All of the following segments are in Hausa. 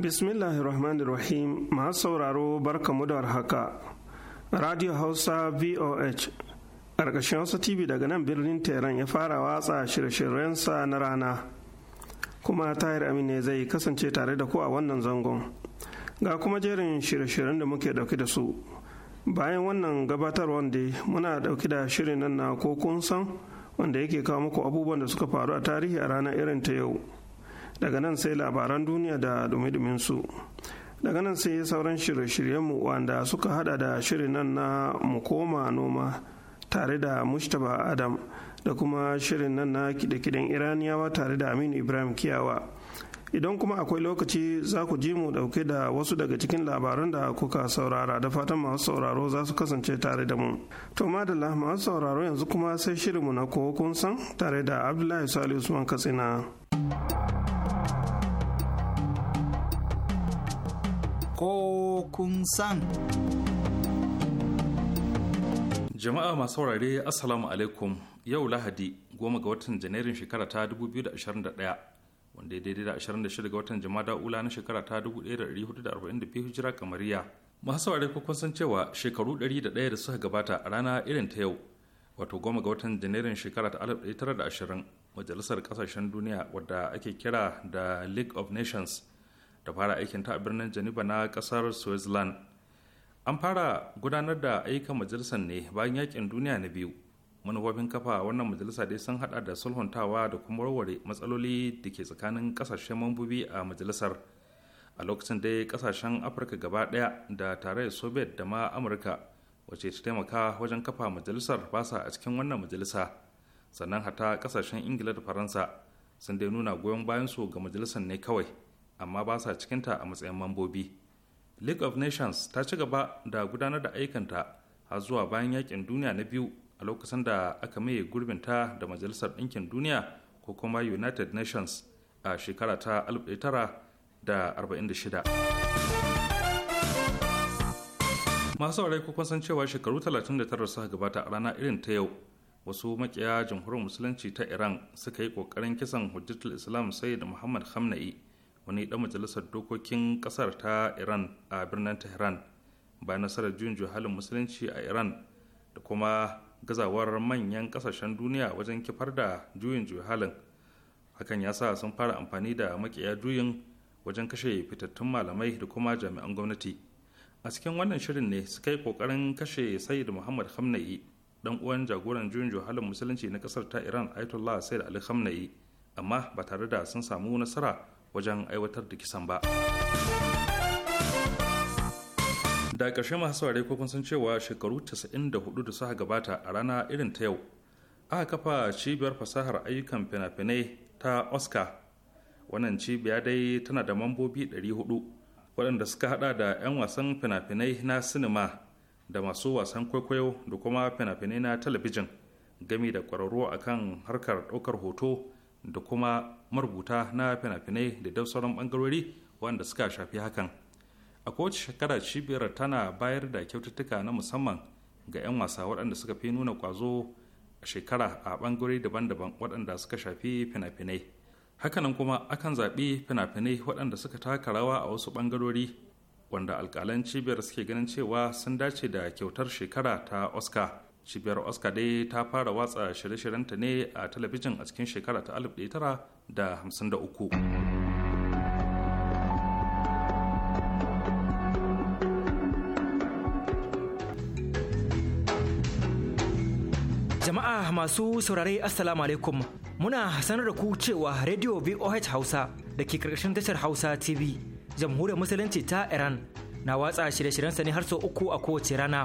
Bismillahirrahmanirrahim masu sauraro barkamu da warhaka. Radio Hausa VOH ƙarƙashin Hausa TV daga nan birnin tehran ya fara watsa shirye-shiryensa na rana. Kuma Tahir Amin zai kasance tare da ku a wannan zangon. Ga kuma jerin shirye-shiryen da muke ɗauke da su. Bayan wannan gabatar wanda muna ɗauke da shirin nan na ko kun san wanda yake kawo muku abubuwan da suka faru a tarihi a ranar irin ta yau. daga nan sai labaran duniya da dumi su daga nan sai sauran shirye-shiryenmu wanda suka hada da shirin nan na mukoma noma tare da mustapha adam da kuma shirin nan na kide-kiden iraniyawa tare da aminu ibrahim kiyawa idan kuma akwai lokaci za ku ji mu dauke da wasu daga cikin labaran da kuka saurara da fatan masu sauraro za su kasance tare da mu to madalla masu sauraro yanzu kuma sai shirinmu na kowa kun san tare da abdullahi salisu usman katsina ko kun san. Jama'a masu saurare Assalamu alaikum yau Lahadi goma ga watan Janairun shekara ta 2021 wanda ya daidai da 26 ga watan Jama'a ula na shekara ta 1442 hijira kamariya. Masu saurare kun san cewa shekaru 101 da suka gabata a rana irin ta yau wato goma ga watan Janairun shekara ta 1920 majalisar kasashen duniya wadda ake kira da League of Nations da fara aikin ta a birnin geneva na kasar switzerland an fara gudanar da ayyukan majalisar ne bayan yakin duniya na biyu manufofin kafa wannan majalisa dai sun hada da sulhuntawa da kuma warware matsaloli da ke tsakanin kasashen mambobi a majalisar a lokacin dai kasashen afirka gaba daya da tarayyar soviet da ma amurka wace ta taimaka wajen kafa majalisar basa a cikin wannan majalisa sannan hata kasashen ingila da faransa sun dai nuna goyon bayan su ga majalisar ne kawai amma ba sa cikinta a matsayin mambobi league of nations ta ci gaba da gudanar da aikanta har zuwa bayan yakin duniya na biyu a lokacin da aka maye gurbinta da majalisar ɗinkin duniya ko kuma united nations a shekara ta 1946 masu aure kukun san cewa shekaru 39 suka gabata a rana irin ta yau wasu makiya jamhuriyar musulunci ta iran suka yi kokarin kisan hujjatul islam sayyid muhammad khamna'i wani dan majalisar dokokin ƙasar ta iran a birnin tehran baya nasarar juyin halin musulunci a iran da kuma gazawar manyan ƙasashen duniya wajen kifar da juyin halin hakan ya sa sun fara amfani da makiya juyin wajen kashe fitattun malamai da kuma jami'an gwamnati a cikin wannan shirin ne su kai kokarin kashe sayyid muhammad hamna'i dan uwan jagoran juyin halin musulunci na kasar ta iran ayatollah sayyid ali hamna'i amma ba tare da sun samu nasara wajen aiwatar da kisan ba da ƙarshe masu saurare ko kun san cewa shekaru 94 da suka gabata a rana irin ta yau aka kafa cibiyar fasahar ayyukan fina-finai ta oscar wannan cibiya dai tana da mambobi 400 waɗanda suka hada da 'yan wasan fina-finai na sinima da masu wasan kwaikwayo da kuma fina-finai na talabijin gami da ƙwararru akan harkar ɗaukar hoto da kuma marubuta na fina-finai da dau sauran bangarori wanda suka shafi hakan a kowace shekara cibiyar tana bayar da kyaututtuka na musamman ga 'yan wasa waɗanda suka fi nuna ƙwazo a shekara a bangarori daban-daban waɗanda suka shafi fina-finai hakanan kuma akan zaɓi fina-finai waɗanda suka taka rawa a wasu bangarori wanda alƙalan cibiyar suke ganin cewa sun dace da kyautar shekara ta oscar cibiyar oscar dai ta fara watsa shirye-shiryenta ne a talabijin a cikin shekara ta 1953 Jama'a masu saurare Assalamu alaikum muna sanar da ku cewa Radio VOH Hausa da ke karkashin tashar Hausa TV jamhuriyar musulunci ta Iran na watsa shirye-shiryensa ne har sau uku a kowace rana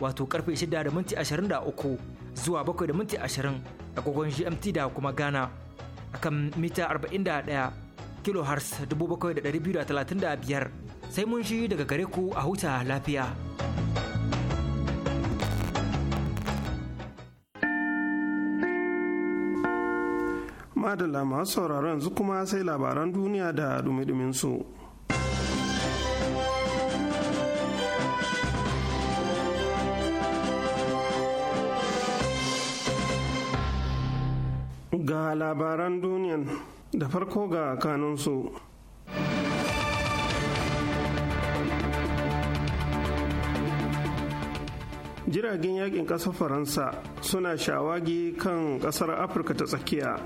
wato karfe 6 da minti 23 zuwa 7 da minti 20 agogon GMT da kuma Ghana akan mita 41 kilohertz 7,235 sai mun shi daga gare ku a huta lafiya. Madalla masu sauraron yanzu kuma sai labaran duniya da dumi-duminsu. su. ga labaran duniyan da farko ga kanunsu. jiragen yakin ƙasar faransa suna shawagi kan ƙasar afirka ta tsakiya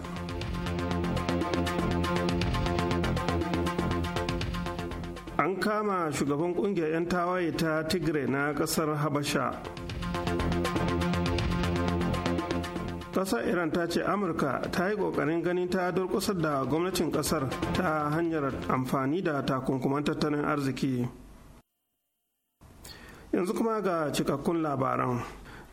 an kama shugaban kungiyar 'yan tawaye ta tigre na ƙasar habasha ƙasar iran ta ce amurka ta yi ƙoƙarin ganin ta durƙusar da gwamnatin ƙasar ta hanyar amfani da takunkuman tattalin arziki yanzu kuma ga cikakkun labaran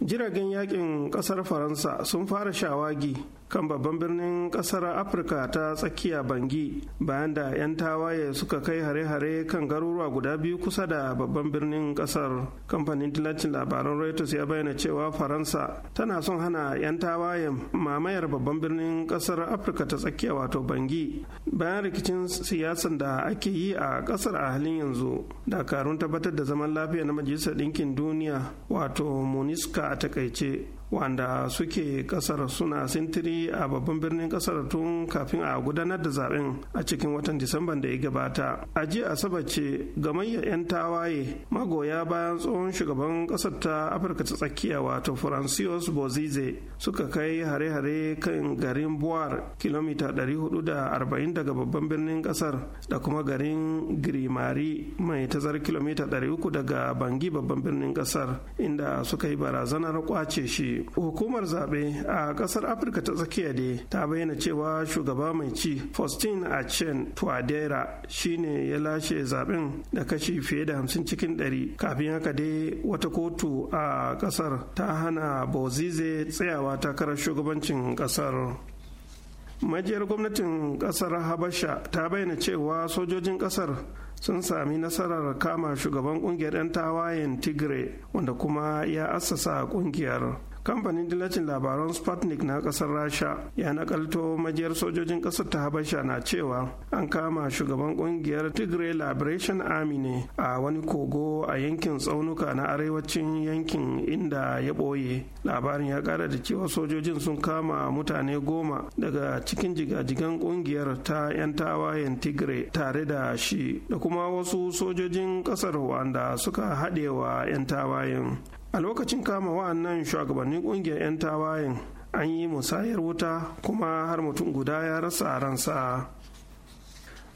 jiragen yakin ƙasar faransa sun fara shawagi kan babban birnin kasar afirka ta tsakiya bangi bayan da 'yan tawaye suka kai hare-hare kan garuruwa guda biyu kusa da babban birnin kasar kamfanin tilacin labaran reuters ya bayyana cewa faransa tana son hana 'yan tawaye mamayar babban birnin kasar afirka ta tsakiya wato bangi bayan rikicin siyasan da ake yi a kasar a halin yanzu dakarun tabbatar da zaman lafiya na majalisar ɗinkin duniya wato muniska a takaice wanda suke kasar suna sintiri a babban birnin kasar tun kafin a gudanar da zaben a cikin watan disamban da ya gabata a jiya asabar ce gamayyar 'yan tawaye magoya bayan tsohon shugaban kasar ta afirka ta tsakiya wato francois bozize suka kai hare-hare kan garin buwar kilomita 440 daga babban birnin kasar da kuma garin grimari mai tazar kilomita 300 daga bangi babban birnin kasar inda suka yi barazanar kwace shi hukumar zaɓe a ƙasar afirka ta tsakiya dai ta bayyana cewa shugaba mai ci faustin achen tuadera shine ya lashe zaɓen da kashi fiye da hamsin cikin ɗari kafin haka dai wata kotu a ƙasar ta hana bozize tsayawa takarar shugabancin ƙasar majiyar gwamnatin ƙasar habasha ta bayyana cewa sojojin ƙasar sun sami nasarar kama shugaban kungiyar 'yan tawayen tigre wanda kuma ya assasa kungiyar kamfanin dillacin labaran sputnik na kasar rasha ya nakalto majiyar sojojin kasar ta habasha na cewa an kama shugaban kungiyar tigray liberation army ne a wani kogo a yankin tsaunuka na arewacin yankin inda ya ɓoye labarin ya kara da cewa sojojin sun kama mutane goma daga cikin jigajigan kungiyar ta 'yan tawayen tigray tare da shi da kuma wasu sojojin kasar wanda suka haɗewa 'yan tawayen a lokacin kama wa'annan shugabannin kungiyar 'yan tawayen an yi musayar wuta kuma har mutum guda ya rasa ransa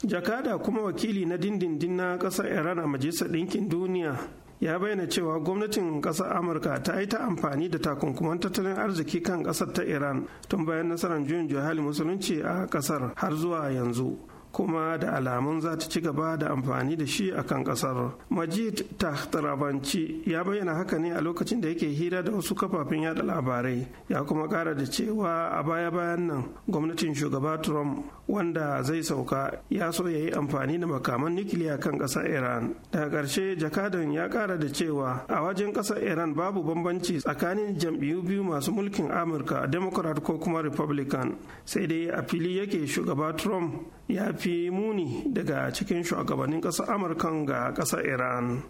jakada kuma wakili na dindindin na kasar iran a majalisar ɗinkin duniya ya bayyana cewa gwamnatin ƙasar amurka ta yi ta amfani da takunkuman tattalin arziki kan ƙasar ta iran tun bayan nasarar juyin juhali musulunci a ƙasar har zuwa yanzu kuma da alamun za ta ci gaba da amfani da shi a kan kasar. Majid Tahtarabanci ya bayyana haka ne a lokacin da yake hira da wasu kafafen yada labarai ya kuma kara da cewa a baya-bayan nan gwamnatin shugaba Trump wanda zai sauka ya so ya yi amfani da makaman nukiliya kan kasar Iran. Daga ƙarshe jakadan ya kara da cewa a wajen kasar Iran babu bambanci tsakanin jam'iyyu biyu masu mulkin Amurka Democrat ko kuma Republican sai dai a fili yake shugaba Trump ya fi muni daga cikin shugabannin ƙasar Amurka ga ƙasar iran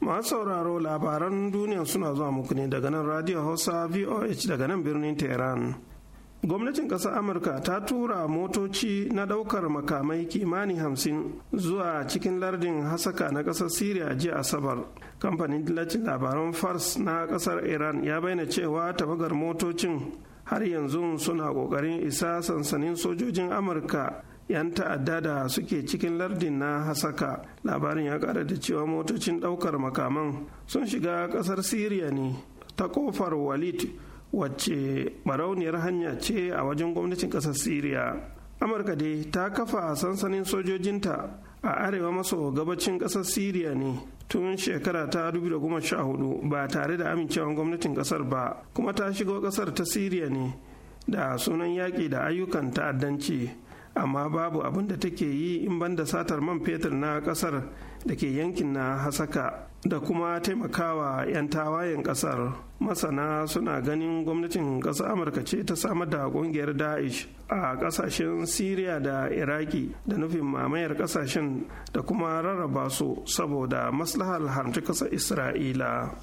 masu sauraro labaran duniya suna zuwa muku ne daga nan radio hausa voh daga nan birnin tehran gwamnatin ƙasar amurka ta tura motoci na ɗaukar makamai kimani hamsin zuwa cikin lardin hasaka na ƙasar syria jiya asabar kamfanin dillacin labaran fars na ƙasar iran ya bayyana cewa tabagar motocin har yanzu suna ƙoƙarin isa sansanin sojojin amurka 'yan ta'adda da suke cikin lardin na hasaka labarin ya kara da cewa motocin daukar makaman sun shiga kasar siriya ne ta kofar walid wacce barauniyar hanya ce a wajen gwamnatin kasar siriya amurka dai ta kafa sansanin sojojinta a arewa maso gabacin kasar siriya ne tun shekara ta 2014 ba tare da amincewan gwamnatin kasar ba kuma ta shigo kasar ta siriya ne da sunan yaƙi da ayyukan ta'addanci amma babu abin da take yi in ban da satar man fetur na kasar da ke yankin na hasaka da kuma taimakawa 'yan tawayen kasar masana suna ganin gwamnatin kasar amurka ce ta samar da ƙungiyar daesh a ƙasashen syria da iraki da nufin mamayar ƙasashen da kuma rarraba su saboda maslahar haramci kasar isra'ila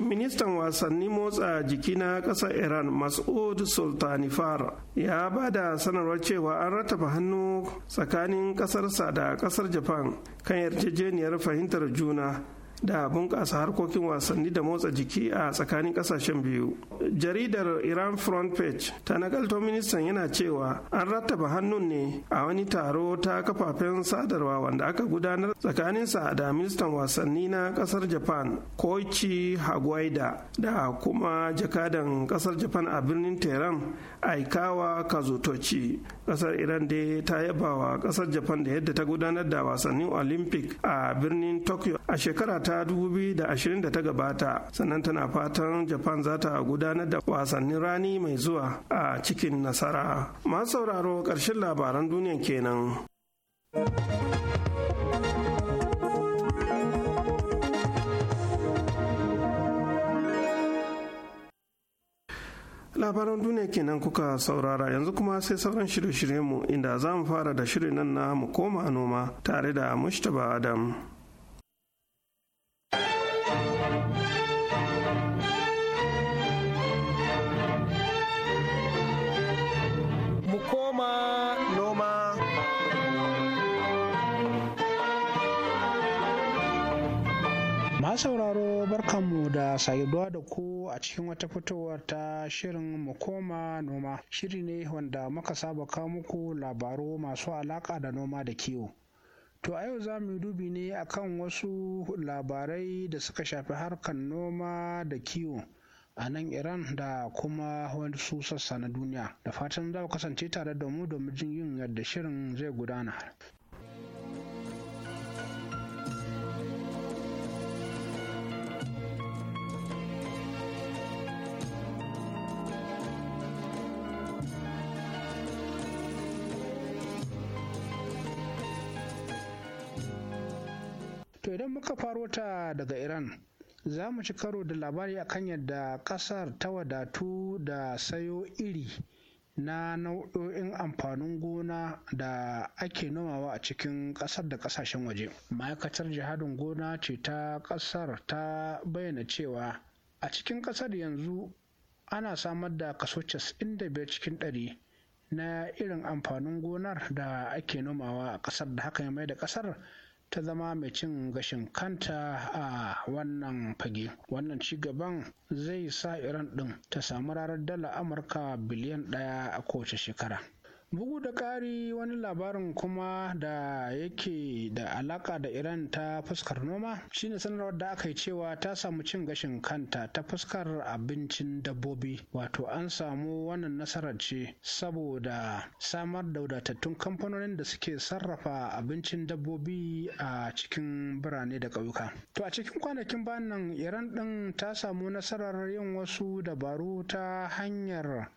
ministan wasanni motsa jiki na ƙasar iran mas'ud sultanifar ya ba da sanarwar cewa an rattaba hannu tsakanin ƙasarsa da ƙasar japan kan yarjejeniyar fahimtar juna da bunƙasa harkokin wasanni da motsa jiki a tsakanin ƙasashen biyu. Jaridar Iran Front Page ta nakalto ministan yana cewa an rattaba hannun ne a wani taro ta kafafen sadarwa wanda aka gudanar tsakaninsa da ministan wasanni na ƙasar Japan Koichi Hagwaida da kuma jakadan ƙasar Japan a birnin Tehran Aikawa Kazutochi. Ƙasar Iran dai ta yabawa kasar ƙasar Japan da yadda ta gudanar da wasannin Olympic a birnin Tokyo a shekara ta ta 2020 da ta gabata sannan tana fatan japan za ta gudanar da wasannin rani mai zuwa a cikin nasara masu sauraro ƙarshen labaran duniya kenan. labaran duniya kenan kuka saurara yanzu kuma sai sauran shirye-shiryenmu inda za mu fara da shirin nan na mu koma noma tare da mushtaba adam masu sauraro barkanmu da saduwa da ku a cikin wata fitowar ta shirin mu koma noma shiri ne wanda muka saba kawo muku labaru masu alaka da noma da kiwo to a yau za mu dubi ne akan wasu labarai da suka shafi harkar noma da kiwo a nan iran da kuma wani sassa na duniya da fatan za ku kasance tare da mu domin jin yin yadda shirin zai gudana muka faro ta daga iran za mu ci karo da labari a kan yadda ƙasar ta wadatu da sayo iri na nau'o'in amfanin gona da ake nomawa a cikin ƙasar da ƙasashen waje. Ma'aikatar jihadin gona ce ta ƙasar ta bayyana cewa a cikin ƙasar yanzu ana samar da kaso 95 cikin ɗari na irin amfanin gonar da ake nomawa a ƙasar da haka ya mai da ƙasar ta zama mai cin gashin kanta a wannan fage wannan ci gaban zai sa iran din ta samu rarar dala amurka biliyan ɗaya a kowace shekara bugu da ƙari wani labarin kuma da yake da alaƙa da iran ta fuskar noma shine sanarwar da aka yi cewa ta samu cin gashin kanta ta fuskar abincin dabbobi wato an samu wannan nasarar ce saboda samar da wadatattun kamfanonin da suke sarrafa abincin dabbobi a cikin birane da ƙauyuka to a cikin kwanakin bayan nan iran ɗin ta samu nasarar yin wasu dabaru ta hanyar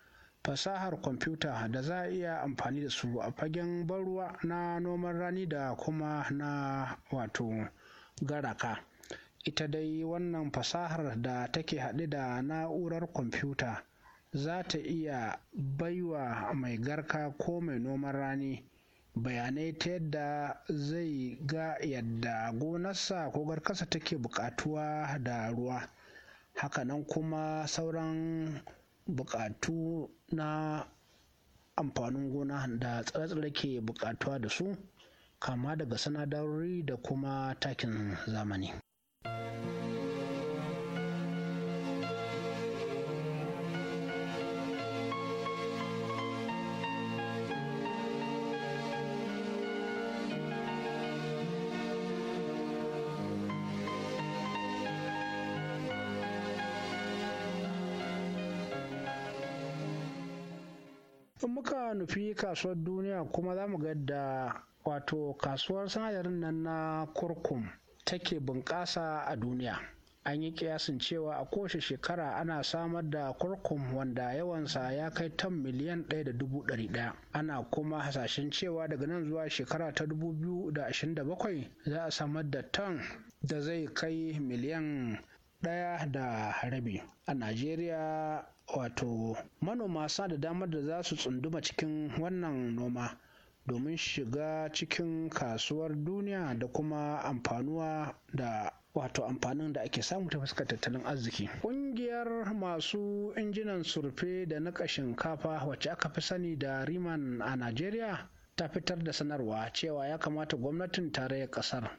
fasahar kwamfuta da za a iya amfani da su a fagen ban ruwa na noman rani da kuma na wato garaka ita dai wannan fasahar da take haɗe da na'urar kwamfuta za ta iya baiwa mai garka ko mai noman rani bayanai ta yadda zai ga yadda gonarsa ko garkarsa take buƙatuwa da ruwa hakanan kuma sauran buƙatu na amfanin gona da tsare-tsare ke buƙatuwa da su kama daga sanadarori da kuma takin zamani. nufi kasuwar duniya kuma za mu ga da wato kasuwar sinadarin nan na kurkum take bunƙasa a duniya an yi kiyasin cewa a kowace shekara ana samar da kurkum wanda yawansa ya kai tan miliyan ɗaya da dubu ɗari ɗaya ana kuma hasashen cewa daga nan zuwa shekara ta dubu biyu da ashirin da bakwai za a samar da tan da zai kai miliyan ɗaya da rabi a najeriya wato manoma suna da damar da za su tsunduma cikin wannan noma domin shiga cikin kasuwar duniya da kuma amfanuwa da wato amfanin da ake samu ta fuskar tattalin arziki. Ƙungiyar masu injinan surfe da niƙa shinkafa wacce aka fi sani da Riman a Najeriya ta fitar da sanarwa cewa ya kamata gwamnatin tarayyar ƙasar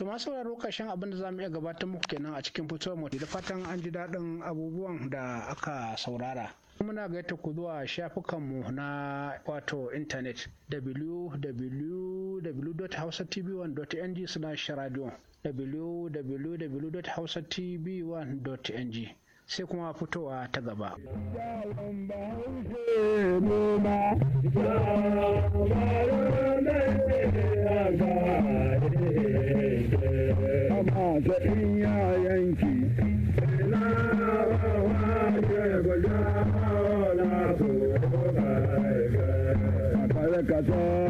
To masu sauraro abinda abin da za mu iya gabatar muku kenan a cikin fitowar mu da fatan an ji daɗin abubuwan da aka saurara. muna gaita ku zuwa shafukanmu na wato intanet www.hausatv1.ng/radio www.hausatv1.ng sai kuma fitowa ta gaba. Thank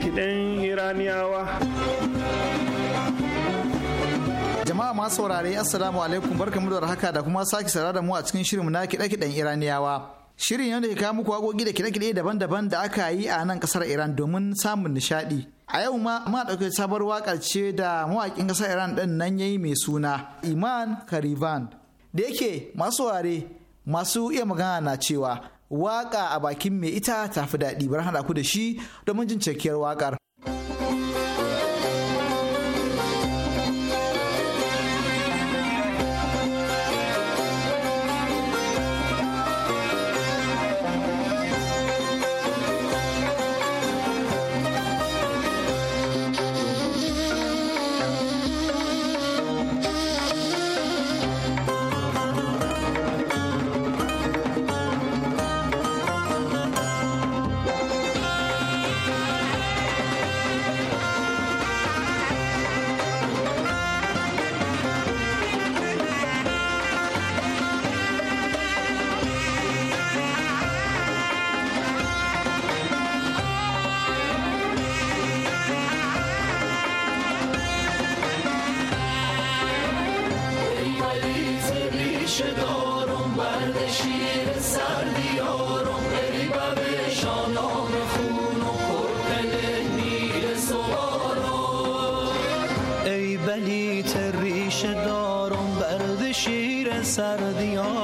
iraniyawa jama'a masu saurare assalamu alaikum mu da haka da kuma sake sara da mu a cikin shirin na kiɗe-kiɗen iraniyawa shirin yadda ke kawo muku waƙoƙi da kiɗe-kiɗe daban-daban da aka yi a nan ƙasar iran domin samun nishaɗi a yau ma ma ɗauke sabar waƙar ce da mawaƙin ƙasar iran ɗin nan ya yi mai suna iman karivan da yake masu ware masu iya magana na cewa waka a bakin mai ita tafi daɗi bar hana ku da shi domin jin cikakkiyar wakar. ریشه دارم برد شیر سر دیارم بری ببه شانام و پرپله میر سوارم ای بلیت ریش دارم برد شیر سر دیارم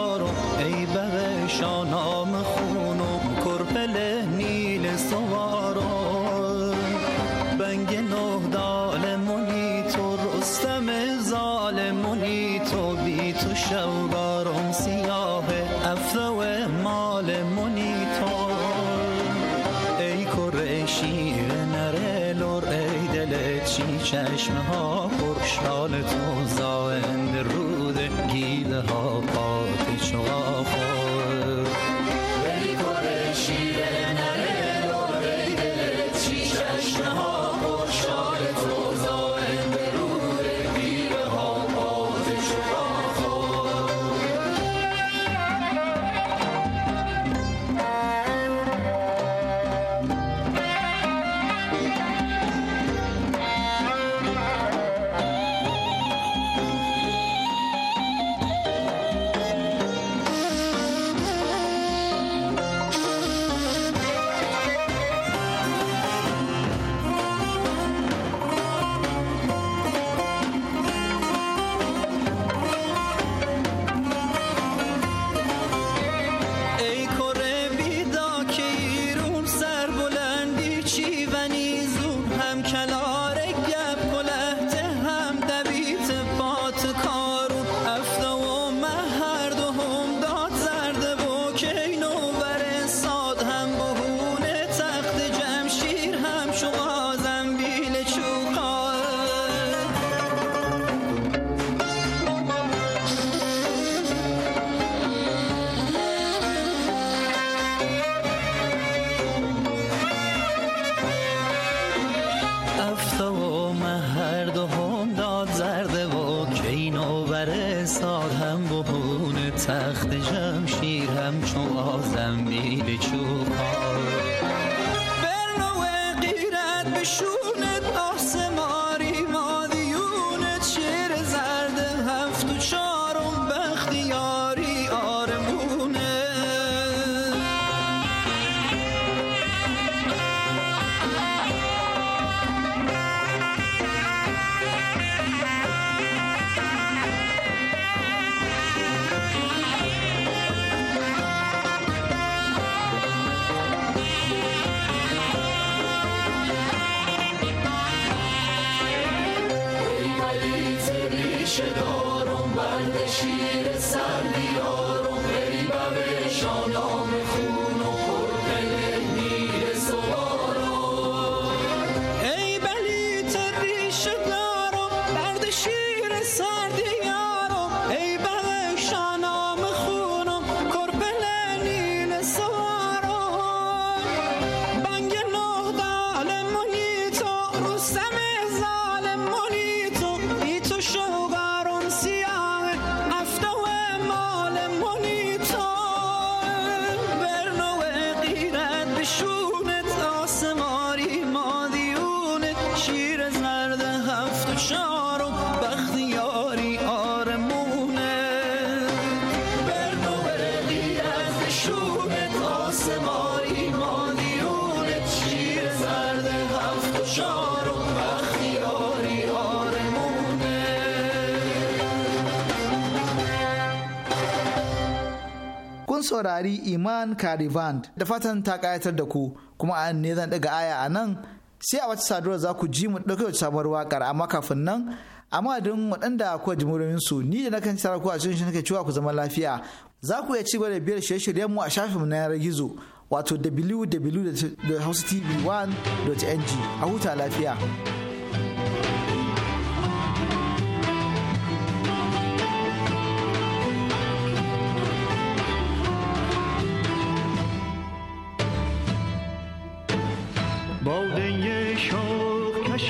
saurari Iman karivand da fatan ta kayatar da ku kuma an ne zan daga aya a nan sai a wata saduwar za ku ji mu ɗauke da sabuwar waƙar amma kafin nan amma don waɗanda kuwa jimurin su ni da nakan tsara ku a cikin shi nake cewa ku zama lafiya za ku iya ci gaba da biyar shirye-shiryen mu a shafinmu na yanar gizo wato www.housetv1.ng a huta lafiya.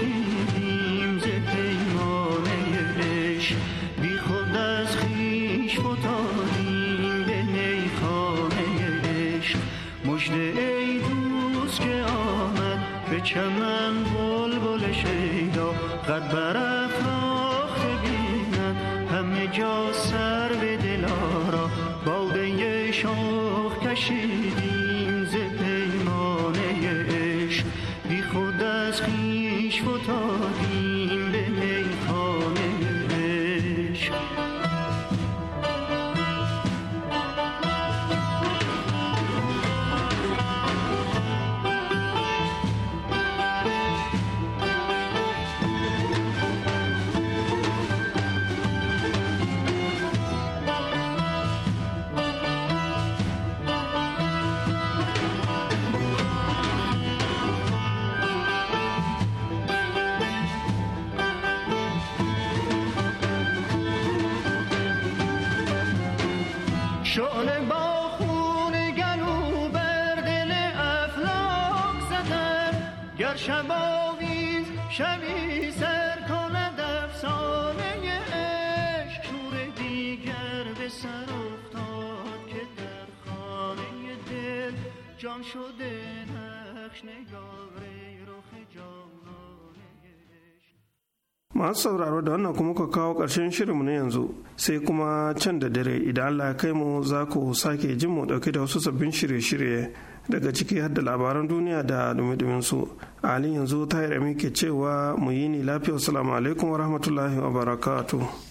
you. شعله با خون گلو بر دل افلاک زدن گر شباویز شبی سر کند افسانه عشق شور دیگر به سر افتاد که در خانه دل جان شده نقش نگاره masu sauraro da wannan kuma ka kawo ƙarshen shirinmu na yanzu sai kuma can da dare idan Allah ya kai mu za ku sake jin mu ɗauke da wasu sabbin shirye-shirye daga ciki har da labaran duniya da dumi su a halin yanzu rami ke cewa mu yi ni lafiya salamu alaikum wa rahmatullahi wa barakatuh